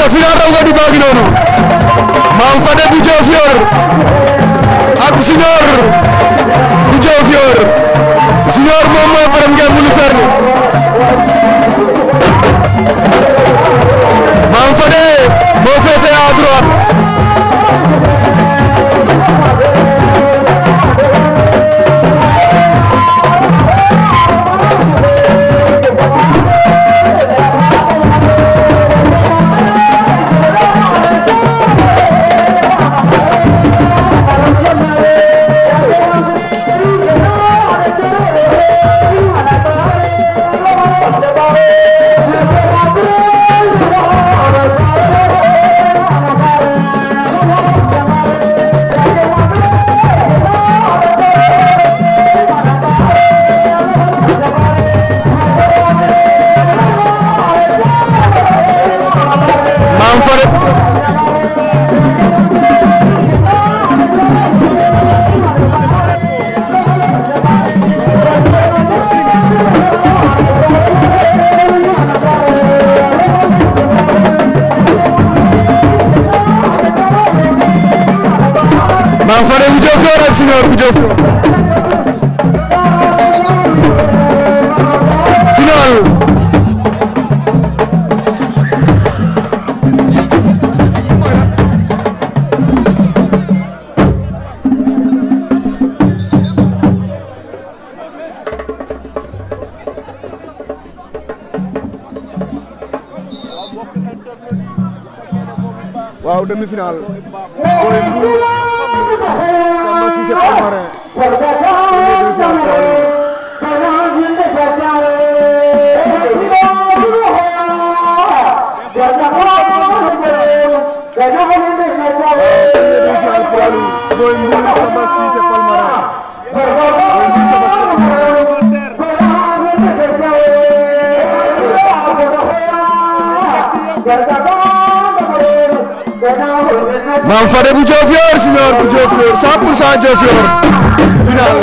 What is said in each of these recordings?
aca final raw gadu baa ngi noonu maam Fade bu Diofior ak Signor bu Diofior Signor moom mooy borom ngeen mulu demi-finale Gorée Mbour Samba Cissé Palmarin demi-finale Gorée Mbour Samba Cissé Palmarin Man bu Diofior signor bu Diofior 100% Diofior final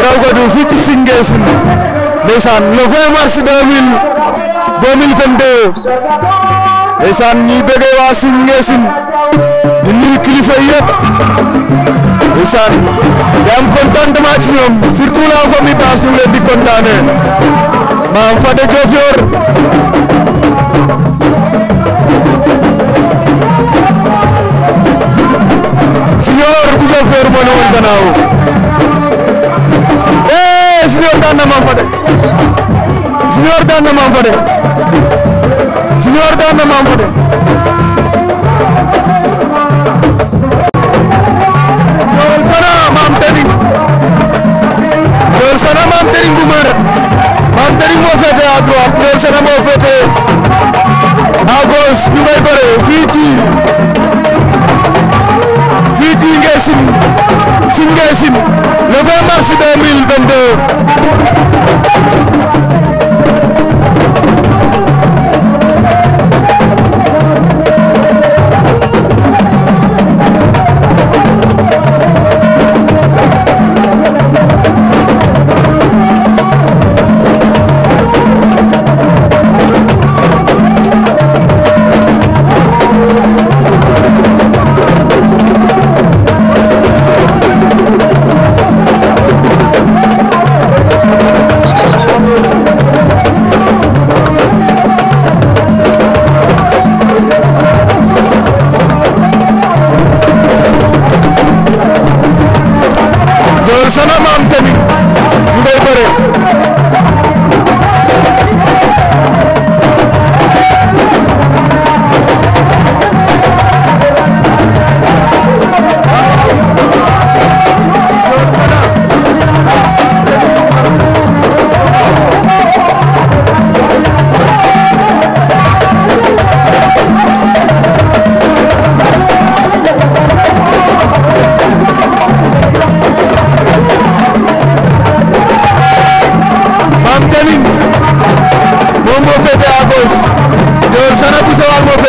raw gadu fii ci Singesen ndeysaan le 20 mars 2000 2022 ndeysaan ñuy bëggee singe Singesen di nuyu kilifa yëpp ndeysaan di am contentement ci ñoom surtout la famille Bass ñu leen di kontaanee Man Fadé Signor Bougal Feur moo ne woon gannaaw eh Signor daan na Mame Fadé Signor daan na Mame Fadé Signor daan na Mame Fadé ñëwal fii ci Ngaye Sine le 20 mars 2022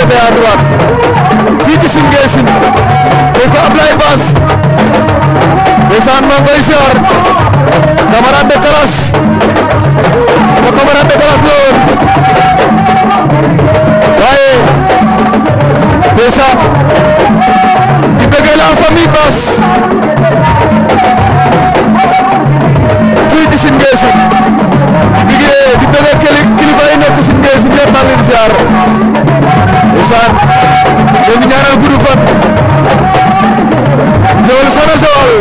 côté à droite fii ci Sine Gueye Sine tey ko Ablaye Bass ndeysaan maa ngi koy siyaar camarade de classe sama camarade de Sarr leen di ñaanal gudd fan Ndiol Sana Joal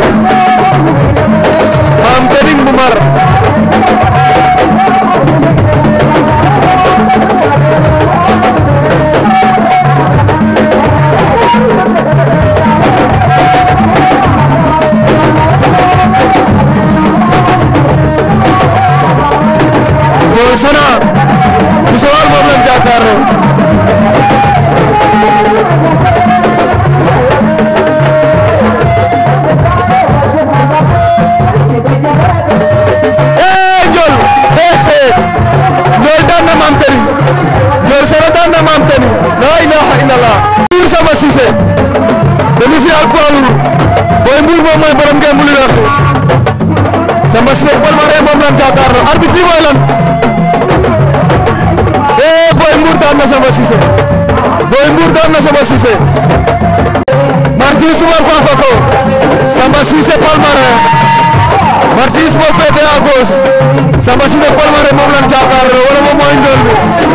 moom mooy borom ngeen mu lu weex li Samba Cissé moom lañ jàkkaarloo arbitre bi mooy lan eh Boy Mbour daan na Samba Cissé Boy Mbour daan na Samba Cissé Martis moo faafa ko Samba Cissé Palmarin Martis moo féetee à gauche Samba Cissé Palmarin moom lañ jàkkaarloo wala moom mooy njool bi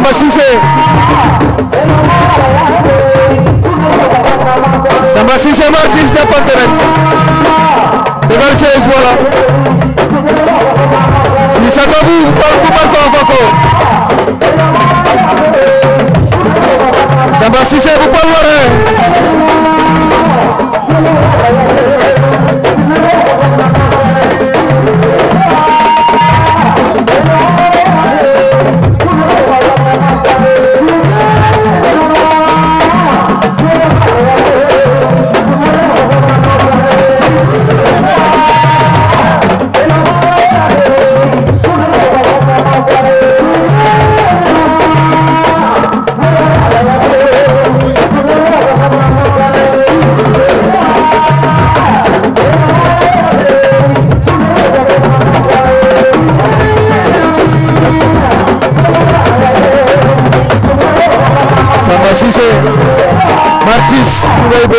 Demba Cissé Demba Cissé moo gis jàppante rek tegal 16 wala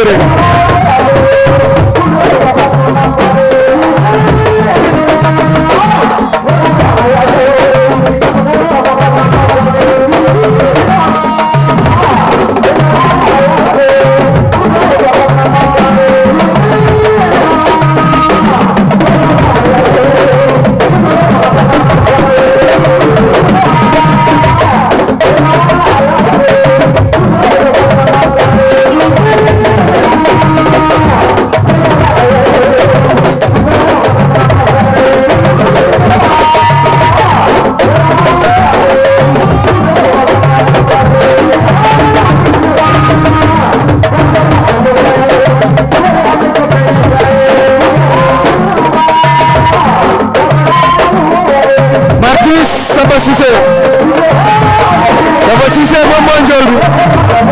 with it. Tapha Cissé moom mooy njool bi